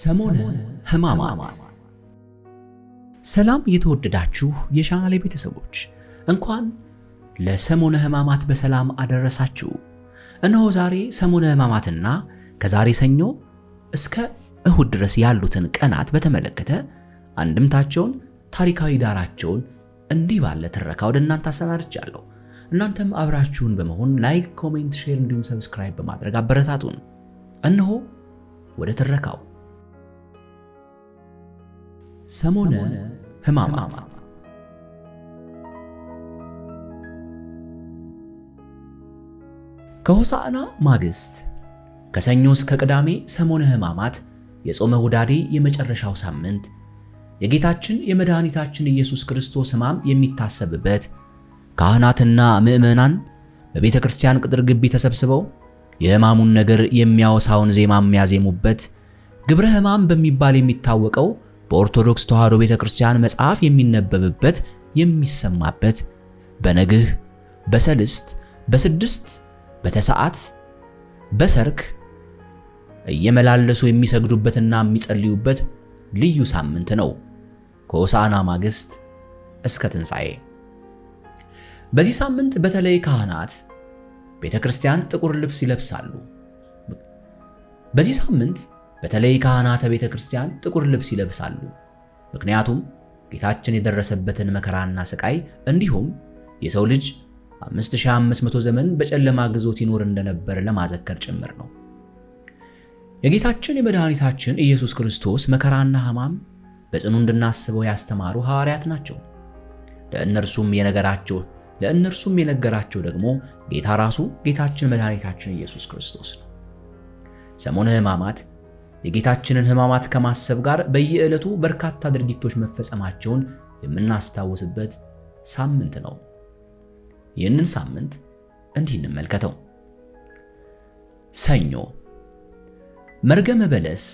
ሰሞነ ህማማት ሰላም የተወደዳችሁ የቻናሌ ቤተሰቦች እንኳን ለሰሞነ ህማማት በሰላም አደረሳችሁ። እነሆ ዛሬ ሰሞነ ህማማትና ከዛሬ ሰኞ እስከ እሁድ ድረስ ያሉትን ቀናት በተመለከተ አንድምታቸውን፣ ታሪካዊ ዳራቸውን እንዲህ ባለ ትረካ ወደ እናንተ አሰናድቻለሁ። እናንተም አብራችሁን በመሆን ላይክ፣ ኮሜንት፣ ሼር እንዲሁም ሰብስክራይብ በማድረግ አበረታቱን። እነሆ ወደ ትረካው ሰሞነ ሕማማት ከሆሳዕና ማግስት ከሰኞ እስከ ቅዳሜ ሰሞነ ሕማማት የጾመ ሁዳዴ የመጨረሻው ሳምንት የጌታችን የመድኃኒታችን ኢየሱስ ክርስቶስ ሕማም የሚታሰብበት ካህናትና ምእመናን በቤተ ክርስቲያን ቅጥር ግቢ ተሰብስበው የሕማሙን ነገር የሚያወሳውን ዜማ የሚያዜሙበት ግብረ ሕማም በሚባል የሚታወቀው በኦርቶዶክስ ተዋሕዶ ቤተክርስቲያን መጽሐፍ የሚነበብበት የሚሰማበት በነግህ በሰልስት በስድስት በተሰዓት በሰርክ እየመላለሱ የሚሰግዱበትና የሚጸልዩበት ልዩ ሳምንት ነው ከሆሳዕና ማግስት እስከ ትንሣኤ። በዚህ ሳምንት በተለይ ካህናት ቤተ ክርስቲያን ጥቁር ልብስ ይለብሳሉ። በዚህ ሳምንት በተለይ ካህናተ ቤተ ክርስቲያን ጥቁር ልብስ ይለብሳሉ። ምክንያቱም ጌታችን የደረሰበትን መከራና ስቃይ እንዲሁም የሰው ልጅ 5500 ዘመን በጨለማ ግዞት ይኖር እንደነበር ለማዘከር ጭምር ነው። የጌታችን የመድኃኒታችን ኢየሱስ ክርስቶስ መከራና ሕማም በጽኑ እንድናስበው ያስተማሩ ሐዋርያት ናቸው። ለእነርሱም የነገራቸው ለእነርሱም የነገራቸው ደግሞ ጌታ ራሱ ጌታችን መድኃኒታችን ኢየሱስ ክርስቶስ ነው። ሰሞነ ሕማማት የጌታችንን ሕማማት ከማሰብ ጋር በየዕለቱ በርካታ ድርጊቶች መፈጸማቸውን የምናስታውስበት ሳምንት ነው። ይህንን ሳምንት እንዲህ እንመልከተው። ሰኞ መርገመ በለስ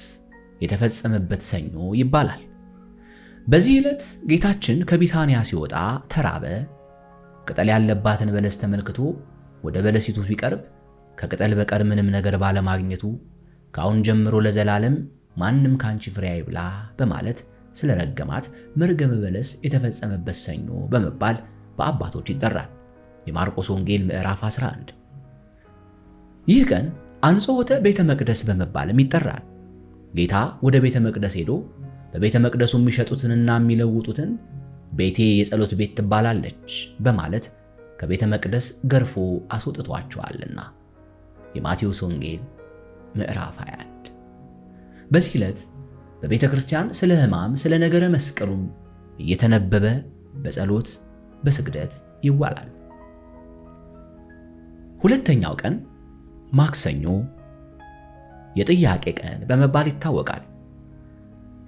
የተፈጸመበት ሰኞ ይባላል። በዚህ ዕለት ጌታችን ከቢታንያ ሲወጣ ተራበ። ቅጠል ያለባትን በለስ ተመልክቶ ወደ በለሲቱ ቢቀርብ ከቅጠል በቀር ምንም ነገር ባለማግኘቱ ከአሁን ጀምሮ ለዘላለም ማንም ካንቺ ፍሬ አይብላ በማለት ስለረገማት መርገመ በለስ የተፈጸመበት ሰኞ በመባል በአባቶች ይጠራል። የማርቆስ ወንጌል ምዕራፍ 11። ይህ ቀን አንጾወተ ቤተ መቅደስ በመባልም ይጠራል። ጌታ ወደ ቤተ መቅደስ ሄዶ በቤተ መቅደሱ የሚሸጡትንና የሚለውጡትን ቤቴ የጸሎት ቤት ትባላለች በማለት ከቤተ መቅደስ ገርፎ አስወጥቷቸዋልና የማቴዎስ ወንጌል ምዕራፍ 21 በዚህ ዕለት በቤተ ክርስቲያን ስለ ሕማም ስለ ነገረ መስቀሉም እየተነበበ በጸሎት በስግደት ይዋላል። ሁለተኛው ቀን ማክሰኞ የጥያቄ ቀን በመባል ይታወቃል።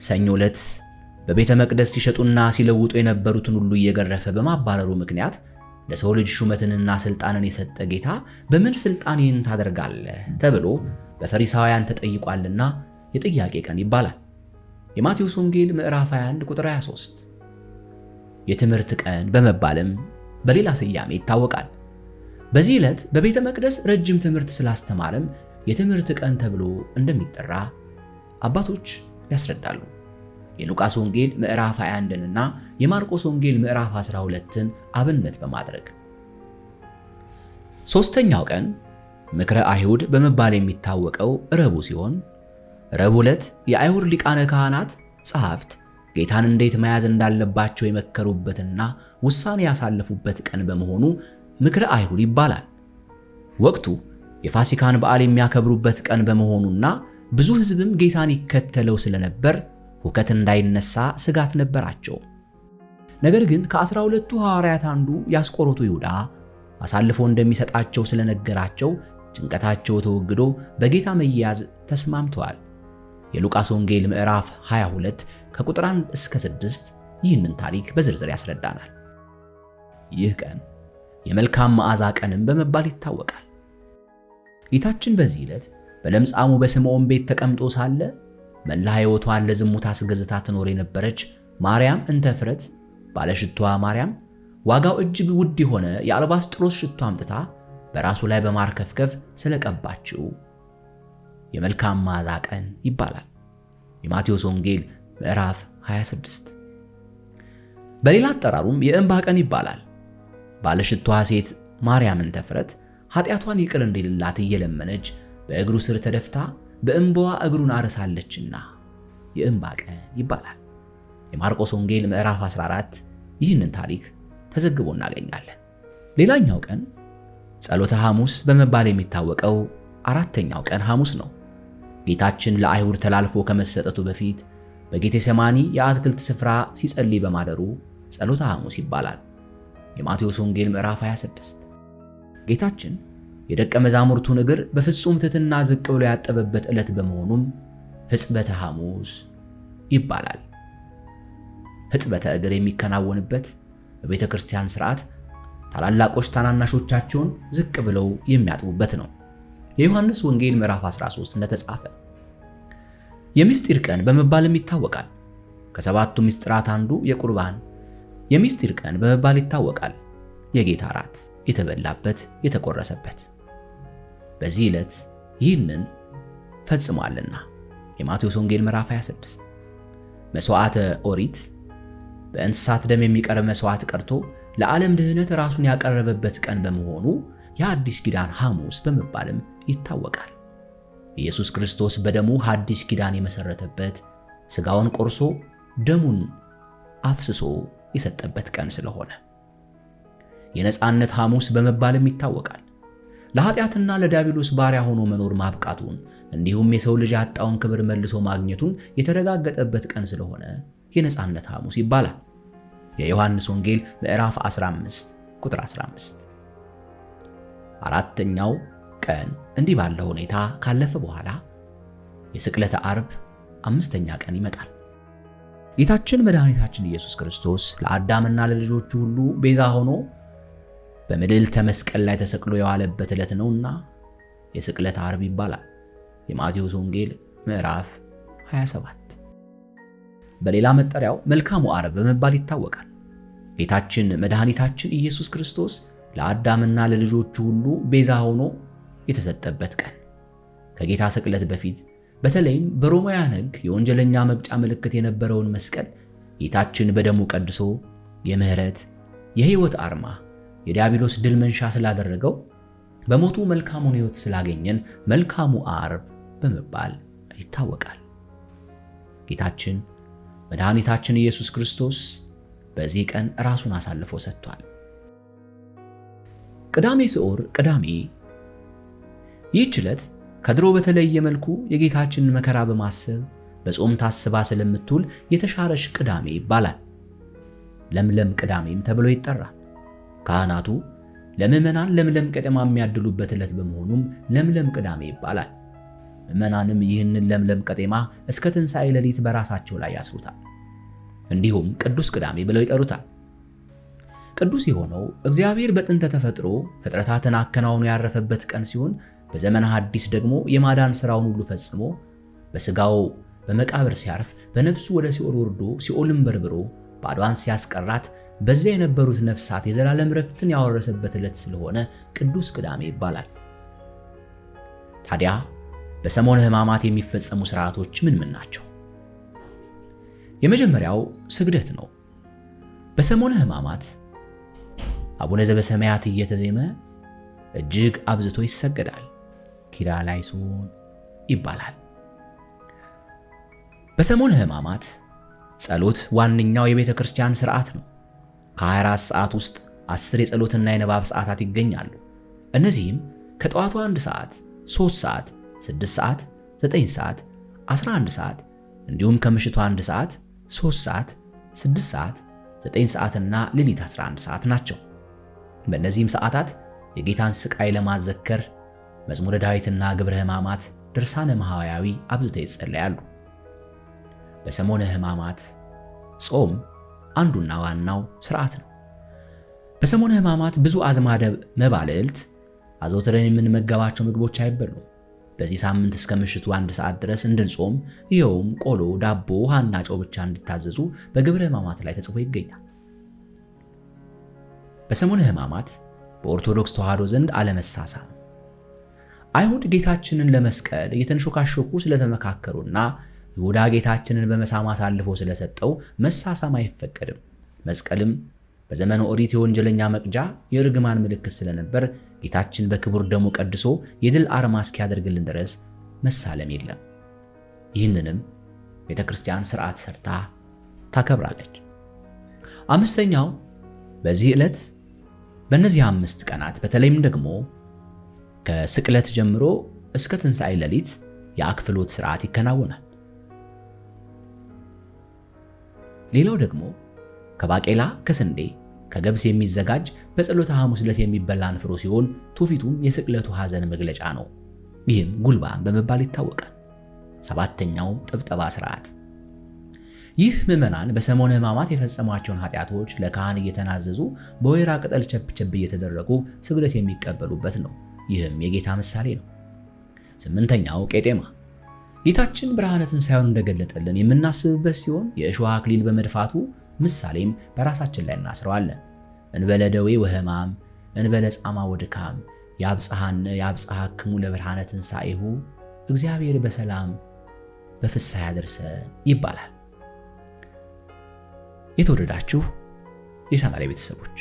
ሰኞ ዕለት በቤተ መቅደስ ሲሸጡና ሲለውጡ የነበሩትን ሁሉ እየገረፈ በማባረሩ ምክንያት ለሰው ልጅ ሹመትንና ስልጣንን የሰጠ ጌታ በምን ስልጣን ይህን ታደርጋለህ ተብሎ በፈሪሳውያን ተጠይቋልና የጥያቄ ቀን ይባላል። የማቴዎስ ወንጌል ምዕራፍ 21 ቁጥር 23 የትምህርት ቀን በመባልም በሌላ ስያሜ ይታወቃል። በዚህ ዕለት በቤተ መቅደስ ረጅም ትምህርት ስላስተማረም የትምህርት ቀን ተብሎ እንደሚጠራ አባቶች ያስረዳሉ። የሉቃስ ወንጌል ምዕራፍ 21ንና የማርቆስ ወንጌል ምዕራፍ 12ን አብነት በማድረግ ሦስተኛው ቀን ምክረ አይሁድ በመባል የሚታወቀው ረቡ ሲሆን ረቡ ዕለት የአይሁድ ሊቃነ ካህናት፣ ጸሐፍት ጌታን እንዴት መያዝ እንዳለባቸው የመከሩበትና ውሳኔ ያሳለፉበት ቀን በመሆኑ ምክረ አይሁድ ይባላል። ወቅቱ የፋሲካን በዓል የሚያከብሩበት ቀን በመሆኑና ብዙ ሕዝብም ጌታን ይከተለው ስለነበር ሁከት እንዳይነሳ ስጋት ነበራቸው። ነገር ግን ከአስራ ሁለቱ ሐዋርያት አንዱ ያስቆሮቱ ይሁዳ አሳልፎ እንደሚሰጣቸው ስለነገራቸው ጭንቀታቸው ተወግዶ በጌታ መያዝ ተስማምተዋል። የሉቃስ ወንጌል ምዕራፍ 22 ከቁጥር 1 እስከ 6 ይህንን ታሪክ በዝርዝር ያስረዳናል። ይህ ቀን የመልካም መዓዛ ቀንም በመባል ይታወቃል። ጌታችን በዚህ ዕለት በለምጻሙ በስምዖን ቤት ተቀምጦ ሳለ መላ ሕይወቷን ለዝሙት አስገዝታ ትኖር የነበረች ማርያም እንተፍረት ባለሽቷ ማርያም ዋጋው እጅግ ውድ የሆነ የአልባስጥሮስ ሽቶ አምጥታ በራሱ ላይ በማርከፍከፍ ስለቀባችው የመልካም መዓዛ ቀን ይባላል። የማቴዎስ ወንጌል ምዕራፍ 26 በሌላ አጠራሩም የእንባ ቀን ይባላል። ባለሽቷ ሴት ማርያምን ተፍረት ኃጢአቷን ይቅር እንዲልላት እየለመነች በእግሩ ስር ተደፍታ በእንባዋ እግሩን አርሳለችና የእንባ ቀን ይባላል። የማርቆስ ወንጌል ምዕራፍ 14 ይህንን ታሪክ ተዘግቦ እናገኛለን። ሌላኛው ቀን ጸሎተ ሐሙስ በመባል የሚታወቀው አራተኛው ቀን ሐሙስ ነው። ጌታችን ለአይሁድ ተላልፎ ከመሰጠቱ በፊት በጌቴሰማኒ የአትክልት ስፍራ ሲጸልይ በማደሩ ጸሎተ ሐሙስ ይባላል። የማቴዎስ ወንጌል ምዕራፍ 26። ጌታችን የደቀ መዛሙርቱን እግር በፍጹም ትሕትና ዝቅ ብሎ ያጠበበት ዕለት በመሆኑም ሕጽበተ ሐሙስ ይባላል። ሕጽበተ እግር የሚከናወንበት በቤተ ክርስቲያን ሥርዓት ታላላቆች ታናናሾቻቸውን ዝቅ ብለው የሚያጥቡበት ነው። የዮሐንስ ወንጌል ምዕራፍ 13 እንደተጻፈ የምስጢር ቀን በመባልም ይታወቃል። ከሰባቱ ምስጢራት አንዱ የቁርባን የምስጢር ቀን በመባል ይታወቃል። የጌታ እራት የተበላበት የተቆረሰበት። በዚህ ዕለት ይህንን ፈጽሟልና የማቴዎስ ወንጌል ምዕራፍ 26 መስዋዕተ ኦሪት በእንስሳት ደም የሚቀርብ መስዋዕት ቀርቶ ለዓለም ድህነት ራሱን ያቀረበበት ቀን በመሆኑ የአዲስ ኪዳን ሐሙስ በመባልም ይታወቃል። ኢየሱስ ክርስቶስ በደሙ አዲስ ኪዳን የመሰረተበት ሥጋውን ቆርሶ ደሙን አፍስሶ የሰጠበት ቀን ስለሆነ የነጻነት ሐሙስ በመባልም ይታወቃል። ለኃጢአትና ለዲያብሎስ ባሪያ ሆኖ መኖር ማብቃቱን እንዲሁም የሰው ልጅ ያጣውን ክብር መልሶ ማግኘቱን የተረጋገጠበት ቀን ስለሆነ የነጻነት ሐሙስ ይባላል። የዮሐንስ ወንጌል ምዕራፍ 15 ቁጥር 15። አራተኛው ቀን እንዲህ ባለ ሁኔታ ካለፈ በኋላ የስቅለተ አርብ አምስተኛ ቀን ይመጣል። ጌታችን መድኃኒታችን ኢየሱስ ክርስቶስ ለአዳምና ለልጆቹ ሁሉ ቤዛ ሆኖ በምድልተ መስቀል ላይ ተሰቅሎ የዋለበት ዕለት ነውና የስቅለት አርብ ይባላል። የማቴዎስ ወንጌል ምዕራፍ 27 በሌላ መጠሪያው መልካሙ አርብ በመባል ይታወቃል። ጌታችን መድኃኒታችን ኢየሱስ ክርስቶስ ለአዳምና ለልጆቹ ሁሉ ቤዛ ሆኖ የተሰጠበት ቀን ከጌታ ስቅለት በፊት በተለይም በሮማውያን ሕግ የወንጀለኛ መቅጫ ምልክት የነበረውን መስቀል ጌታችን በደሙ ቀድሶ የምህረት የሕይወት አርማ የዲያብሎስ ድል መንሻ ስላደረገው በሞቱ መልካሙን ሕይወት ስላገኘን መልካሙ አርብ በመባል ይታወቃል። ጌታችን መድኃኒታችን ኢየሱስ ክርስቶስ በዚህ ቀን ራሱን አሳልፎ ሰጥቷል። ቅዳሜ ስዑር ቅዳሜ። ይህች ዕለት ከድሮ በተለየ መልኩ የጌታችንን መከራ በማሰብ በጾም ታስባ ስለምትውል የተሻረች ቅዳሜ ይባላል። ለምለም ቅዳሜም ተብሎ ይጠራል። ካህናቱ ለምዕመናን ለምለም ቀጤማ የሚያድሉበት ዕለት በመሆኑም ለምለም ቅዳሜ ይባላል። ምዕመናንም ይህንን ለምለም ቀጤማ እስከ ትንሣኤ ሌሊት በራሳቸው ላይ ያስሩታል። እንዲሁም ቅዱስ ቅዳሜ ብለው ይጠሩታል። ቅዱስ የሆነው እግዚአብሔር በጥንተ ተፈጥሮ ፍጥረታትን አከናውኖ ያረፈበት ቀን ሲሆን በዘመነ ሐዲስ ደግሞ የማዳን ሥራውን ሁሉ ፈጽሞ በሥጋው በመቃብር ሲያርፍ በነፍሱ ወደ ሲኦል ወርዶ ሲኦልን በርብሮ ባዷን ሲያስቀራት በዚያ የነበሩት ነፍሳት የዘላለም ረፍትን ያወረሰበት ዕለት ስለሆነ ቅዱስ ቅዳሜ ይባላል። ታዲያ በሰሞነ ሕማማት የሚፈጸሙ ስርዓቶች ምን ምን ናቸው? የመጀመሪያው ስግደት ነው። በሰሞነ ሕማማት አቡነ ዘበሰማያት እየተዜመ እጅግ አብዝቶ ይሰገዳል። ኪርያላይሶን ይባላል። በሰሞነ ሕማማት ጸሎት ዋነኛው የቤተ ክርስቲያን ሥርዓት ነው። ከ24 ሰዓት ውስጥ አስር የጸሎትና የንባብ ሰዓታት ይገኛሉ። እነዚህም ከጠዋቱ አንድ ሰዓት፣ 3 ሰዓት፣ 6 ሰዓት፣ 9 ሰዓት፣ 11 ሰዓት እንዲሁም ከምሽቱ 1 ሰዓት፣ 3 ሰዓት፣ 6 ሰዓት፣ 9 ሰዓትና ሌሊት 11 ሰዓት ናቸው። በእነዚህም ሰዓታት የጌታን ስቃይ ለማዘከር መዝሙረ ዳዊትና ግብረ ሕማማት ድርሳነ ማህያዊ አብዝተው ይጸለያሉ። በሰሞነ ሕማማት ጾም አንዱና ዋናው ስርዓት ነው። በሰሞነ ሕማማት ብዙ አዝማደ መባልልት አዘውትረን የምንመገባቸው ምግቦች አይበሉም። በዚህ ሳምንት እስከ ምሽቱ አንድ ሰዓት ድረስ እንድንጾም ይኸውም ቆሎ፣ ዳቦ፣ ውሃና ጨው ብቻ እንድታዘዙ በግብረ ሕማማት ላይ ተጽፎ ይገኛል። በሰሙነ ሕማማት በኦርቶዶክስ ተዋህዶ ዘንድ አለመሳሳም። አይሁድ ጌታችንን ለመስቀል እየተንሾካሾኩ ስለተመካከሩና ይሁዳ ጌታችንን በመሳም አሳልፎ ስለሰጠው መሳሳም አይፈቀድም። መስቀልም በዘመነ ኦሪት የወንጀለኛ መቅጃ የእርግማን ምልክት ስለነበር ጌታችን በክቡር ደሙ ቀድሶ የድል አርማ እስኪያደርግልን ድረስ መሳለም የለም። ይህንንም ቤተ ክርስቲያን ስርዓት ሰርታ ታከብራለች። አምስተኛው በዚህ ዕለት በእነዚህ አምስት ቀናት በተለይም ደግሞ ከስቅለት ጀምሮ እስከ ትንሣኤ ሌሊት የአክፍሎት ስርዓት ይከናወናል። ሌላው ደግሞ ከባቄላ ከስንዴ ከገብስ የሚዘጋጅ በጸሎተ ሐሙስ ዕለት የሚበላ ንፍሮ ሲሆን ትውፊቱም የስቅለቱ ሐዘን መግለጫ ነው። ይህም ጉልባን በመባል ይታወቃል። ሰባተኛው ጥብጠባ ስርዓት። ይህ ምዕመናን በሰሞነ ሕማማት የፈጸሟቸውን ኃጢአቶች ለካህን እየተናዘዙ በወይራ ቅጠል ቸብቸብ እየተደረጉ ስግደት የሚቀበሉበት ነው። ይህም የጌታ ምሳሌ ነው። ስምንተኛው ቄጤማ ጌታችን ብርሃነ ትንሣኤውን እንደገለጠልን የምናስብበት ሲሆን የእሾህ አክሊል በመድፋቱ ምሳሌም በራሳችን ላይ እናስረዋለን። እንበለ ደዌ እንበለጻማ እንበለ ጻማ ወድካም ያብጽሐነ ያብጽሐክሙ ለብርሃነ ትንሣኤሁ እግዚአብሔር በሰላም በፍሳ ያድርሰ ይባላል። የተወደዳችሁ የቻናሌ ቤተሰቦች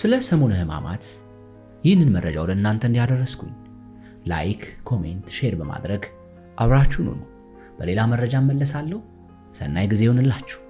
ስለ ሰሙነ ሕማማት ይህንን መረጃ ወደ እናንተ እንዲያደረስኩኝ ላይክ፣ ኮሜንት፣ ሼር በማድረግ አብራችሁን ሁኑ። በሌላ መረጃ እመለሳለሁ። ሰናይ ጊዜ ይሆንላችሁ።